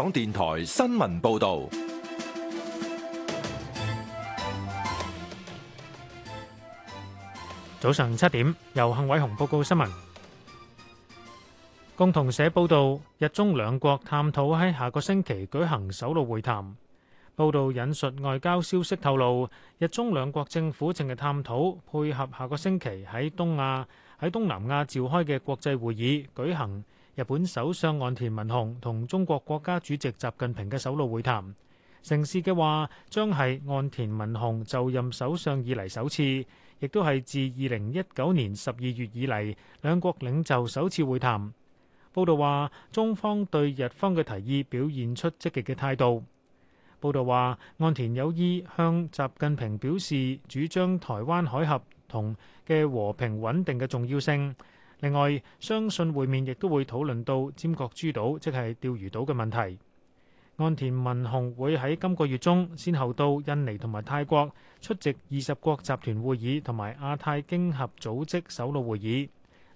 香港電台新聞報道：早上七點，由幸偉雄報告新聞。共同社報道，日中兩國探討喺下個星期舉行首腦會談。報道引述外交消息透露，日中兩國政府正係探討配合下個星期喺東亞、喺東南亞召開嘅國際會議舉行。日本首相岸田文雄同中國國家主席習近平嘅首腦會談，成事嘅話將係岸田文雄就任首相以嚟首次，亦都係自二零一九年十二月以嚟兩國領袖首次會談。報道話，中方對日方嘅提議表現出積極嘅態度。報道話，岸田有意向習近平表示，主張台灣海峽同嘅和平穩定嘅重要性。另外，相信會面亦都會討論到尖閣諸島，即係釣魚島嘅問題。岸田文雄會喺今個月中先後到印尼同埋泰國出席二十國集團會議同埋亞太經合組織首腦會議。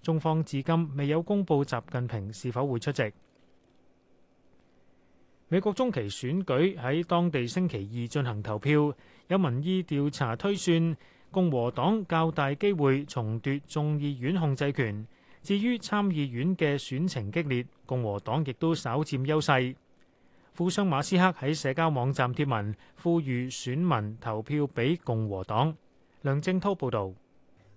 中方至今未有公布習近平是否會出席。美國中期選舉喺當地星期二進行投票，有民意調查推算。共和黨較大機會重奪眾議院控制權，至於參議院嘅選情激烈，共和黨亦都稍佔優勢。富商馬斯克喺社交網站貼文，呼籲選民投票俾共和黨。梁正滔報導，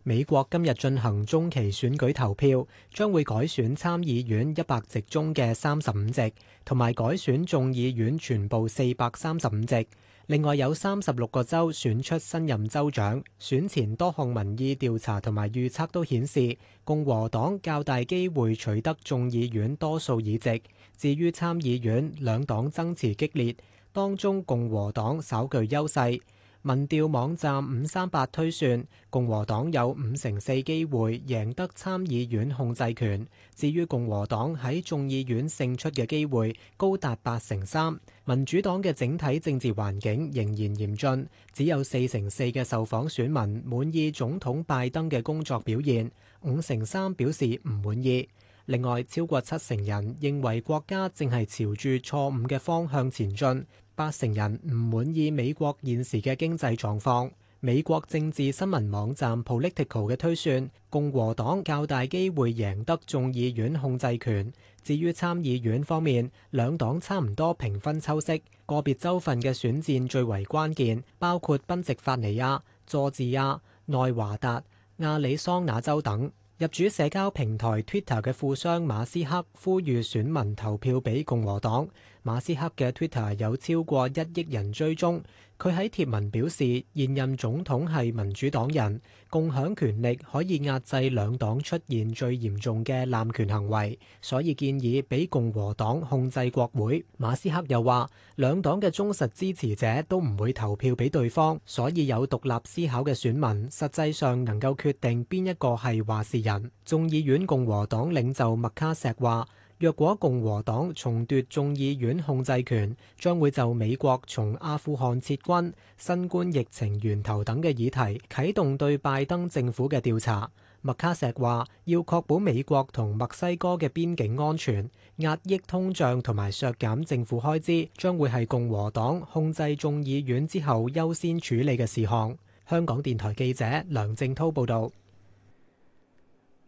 美國今日進行中期選舉投票，將會改選參議院一百席中嘅三十五席，同埋改選眾議院全部四百三十五席。另外有三十六個州選出新任州長，選前多項民意調查同埋預測都顯示，共和黨較大機會取得眾議院多數議席。至於參議院，兩黨爭持激烈，當中共和黨稍具優勢。民調網站五三八推算共和黨有五成四機會贏得參議院控制權，至於共和黨喺眾議院勝出嘅機會高達八成三。民主黨嘅整體政治環境仍然嚴峻，只有四成四嘅受訪選民滿意總統拜登嘅工作表現，五成三表示唔滿意。另外，超過七成人認為國家正係朝住錯誤嘅方向前進，八成人唔滿意美國現時嘅經濟狀況。美國政治新聞網站 Political 嘅推算，共和黨較大機會贏得眾議院控制權。至於參議院方面，兩黨差唔多平分秋色。個別州份嘅選戰最為關鍵，包括賓夕法尼亞、佐治亞、內華達、亞里桑那州等。入主社交平台 Twitter 嘅富商馬斯克呼籲選民投票俾共和黨，馬斯克嘅 Twitter 有超過一億人追蹤。佢喺貼文表示，現任總統係民主黨人，共享權力可以壓制兩黨出現最嚴重嘅濫權行為，所以建議俾共和黨控制國會。馬斯克又話，兩黨嘅忠實支持者都唔會投票俾對方，所以有獨立思考嘅選民實際上能夠決定邊一個係話事人。眾議院共和黨領袖麥卡錫話，若果共和黨重奪眾議院控制權，將會就美國從阿富汗撤軍、新冠疫情源頭等嘅議題啟動對拜登政府嘅調查。麥卡錫話，要確保美國同墨西哥嘅邊境安全、壓抑通脹同埋削減政府開支，將會係共和黨控制眾議院之後優先處理嘅事項。香港電台記者梁正濤報道。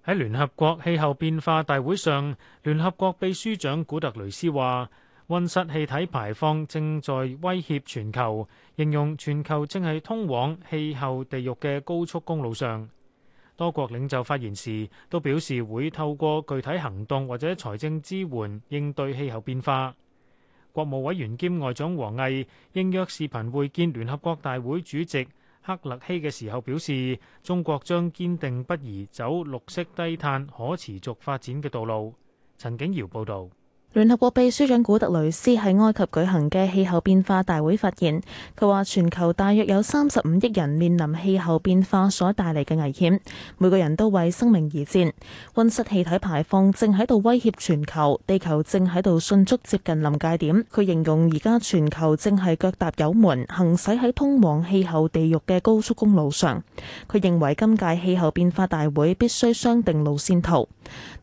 喺聯合國氣候變化大會上，聯合國秘書長古特雷斯話：溫室氣體排放正在威脅全球，形容全球正係通往氣候地獄嘅高速公路上。多國領袖發言時都表示會透過具體行動或者財政支援應對氣候變化。國務委員兼外長王毅應約視頻會見聯合國大會主席克勒希嘅時候表示，中國將堅定不移走綠色低碳、可持續發展嘅道路。陳景瑤報導。聯合國秘書長古特雷斯喺埃及舉行嘅氣候變化大會發言，佢話全球大約有三十五億人面臨氣候變化所帶嚟嘅危險，每個人都為生命而戰。溫室氣體排放正喺度威脅全球，地球正喺度迅速接近臨界點。佢形容而家全球正係腳踏油門，行駛喺通往氣候地獄嘅高速公路上。佢認為今屆氣候變化大會必須商定路線圖。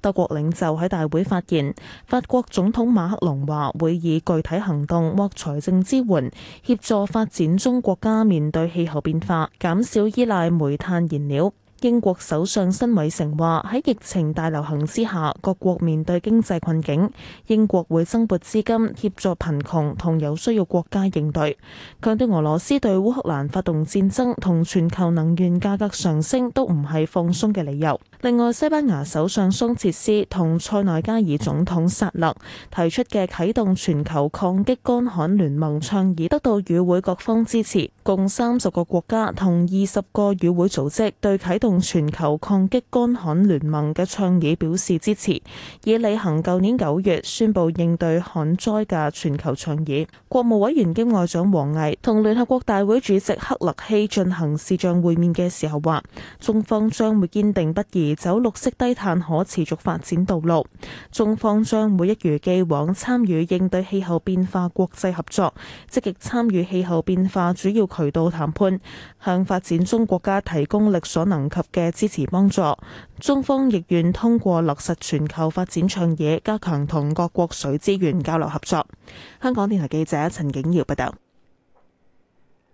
德國領袖喺大會發言，法國總統馬克龍話會以具體行動獲財政支援，協助發展中國家面對氣候變化，減少依賴煤炭燃料。英國首相辛偉成話喺疫情大流行之下，各國面對經濟困境，英國會增撥資金協助貧窮同有需要國家應對。強調俄羅斯對烏克蘭發動戰爭同全球能源價格上升都唔係放鬆嘅理由。另外，西班牙首相桑切斯同塞內加爾總統薩勒提出嘅啟動全球抗擊乾旱聯盟倡議，得到與會各方支持。共三十個國家同二十個與會組織對啟動全球抗擊乾旱聯盟嘅倡議表示支持，以履行舊年九月宣布應對旱災嘅全球倡議。國務委員兼外長王毅同聯合國大會主席克勒希進行視像會面嘅時候話，中方將會堅定不移走綠色低碳可持續發展道路，中方將會一如既往參與應對氣候變化國際合作，積極參與氣候變化主要渠道談判，向發展中國家提供力所能及嘅支持幫助。中方亦願通過落實全球發展倡議，加強同各國水資源交流合作。香港電台記者陳景耀報道。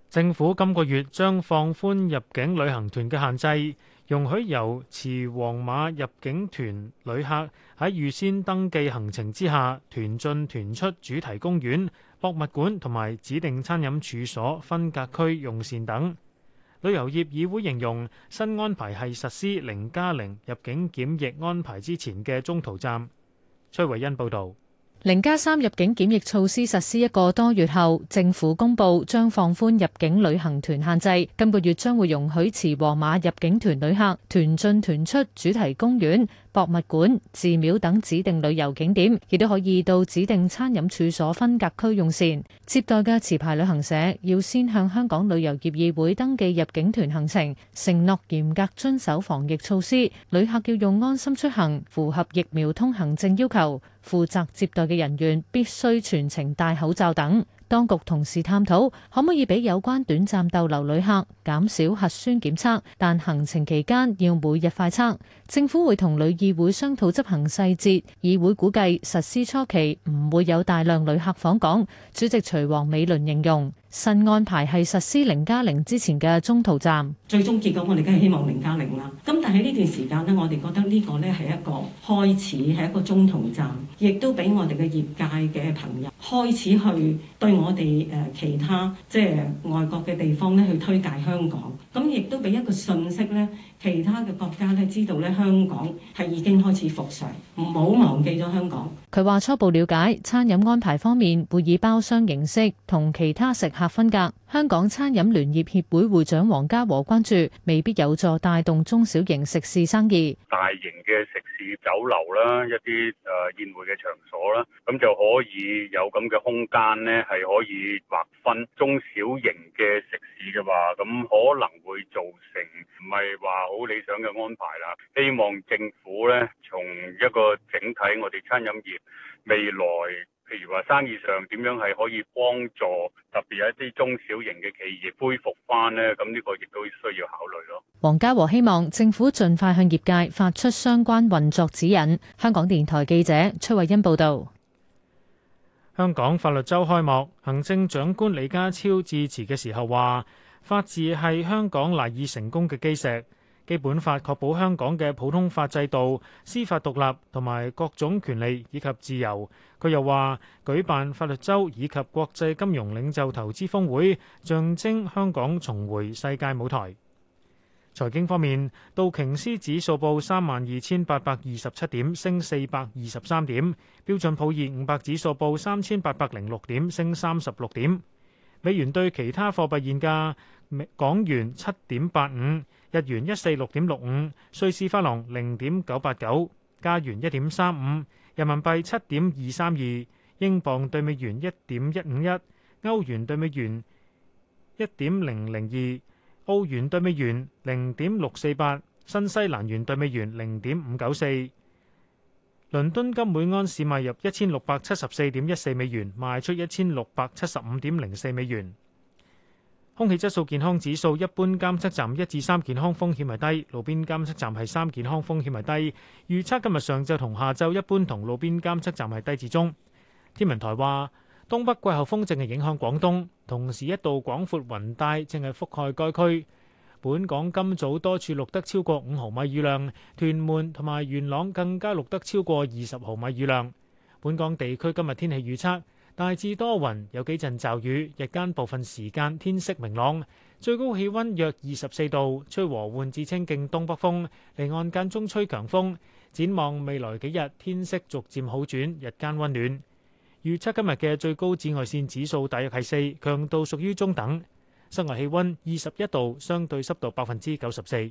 政府今個月將放寬入境旅行團嘅限制，容許由持黃碼入境團旅客喺預先登記行程之下，團進團出主題公園。博物館同埋指定餐飲處所分隔區用膳等，旅遊業議會形容新安排係實施零加零入境檢疫安排之前嘅中途站。崔慧恩報導。零加三入境檢疫措施實施一個多月後，政府公布將放寬入境旅行團限制，今個月將會容許持黃碼入境團旅客團進團出主題公園。博物館、寺廟等指定旅遊景點，亦都可以到指定餐飲處所分隔區用膳。接待嘅持牌旅行社要先向香港旅遊業議會登記入境團行程，承諾嚴格遵守防疫措施。旅客要用安心出行，符合疫苗通行證要求。負責接待嘅人員必須全程戴口罩等。當局同時探討可唔可以俾有關短暫逗留旅客。減少核酸檢測，但行程期間要每日快測。政府會同旅議會商討執行細節。議會估計實施初期唔會有大量旅客訪港。主席徐王美倫形容新安排係實施零加零之前嘅中途站。最終結果我哋梗係希望零加零啦。咁但係呢段時間咧，我哋覺得呢個咧係一個開始，係一個中途站，亦都俾我哋嘅業界嘅朋友開始去對我哋誒，其他即係外國嘅地方咧去推介香。香港咁，亦都俾一個信息咧。其他嘅國家咧，知道咧香港係已經開始復常，唔好忘記咗香港。佢話初步了解餐飲安排方面會以包廂形式同其他食客分隔。香港餐飲聯業協會會長黃家和關注未必有助帶動中小型食肆生意。大型嘅食肆酒樓啦，一啲誒宴會嘅場所啦，咁就可以有咁嘅空間咧，係可以劃分中小型嘅食肆嘅話，咁可能會造成唔係話好理想嘅安排啦，希望政府咧，從一個整體，我哋餐飲業未來，譬如話生意上點樣係可以幫助特別一啲中小型嘅企業恢復翻咧，咁呢個亦都需要考慮咯。黃家和希望政府盡快向業界發出相關運作指引。香港電台記者崔慧欣報導。香港法律週開幕，行政長官李家超致辭嘅時候話，法治係香港賴以成功嘅基石。基本法確保香港嘅普通法制度、司法獨立同埋各種權利以及自由。佢又話舉辦法律週以及國際金融領袖投資峰會，象徵香港重回世界舞台。財經方面，道瓊斯指數報三萬二千八百二十七點，升四百二十三點；標準普爾五百指數報三千八百零六點，升三十六點。美元對其他貨幣現價。港元七點八五，日元一四六點六五，瑞士法郎零點九八九，加元一點三五，人民幣七點二三二，英鎊對美元一點一五一，歐元對美元一點零零二，澳元對美元零點六四八，新西蘭元對美元零點五九四。倫敦金每安士賣入一千六百七十四點一四美元，賣出一千六百七十五點零四美元。空氣質素健康指數一般監測站一至三，健康風險係低，路邊監測站係三，健康風險係低。預測今日上晝同下晝一般同路邊監測站係低至中。天文台話東北季候風正係影響廣東，同時一道廣闊雲帶正係覆蓋該區。本港今早多處錄得超過五毫米雨量，屯門同埋元朗更加錄得超過二十毫米雨量。本港地區今日天氣預測。大致多雲，有幾陣驟雨，日間部分時間天色明朗，最高氣溫約二十四度，吹和緩至清勁東北風，離岸間中吹強風。展望未來幾日，天色逐漸好轉，日間溫暖。預測今日嘅最高紫外線指數大約係四，強度屬於中等。室外氣溫二十一度，相對濕度百分之九十四。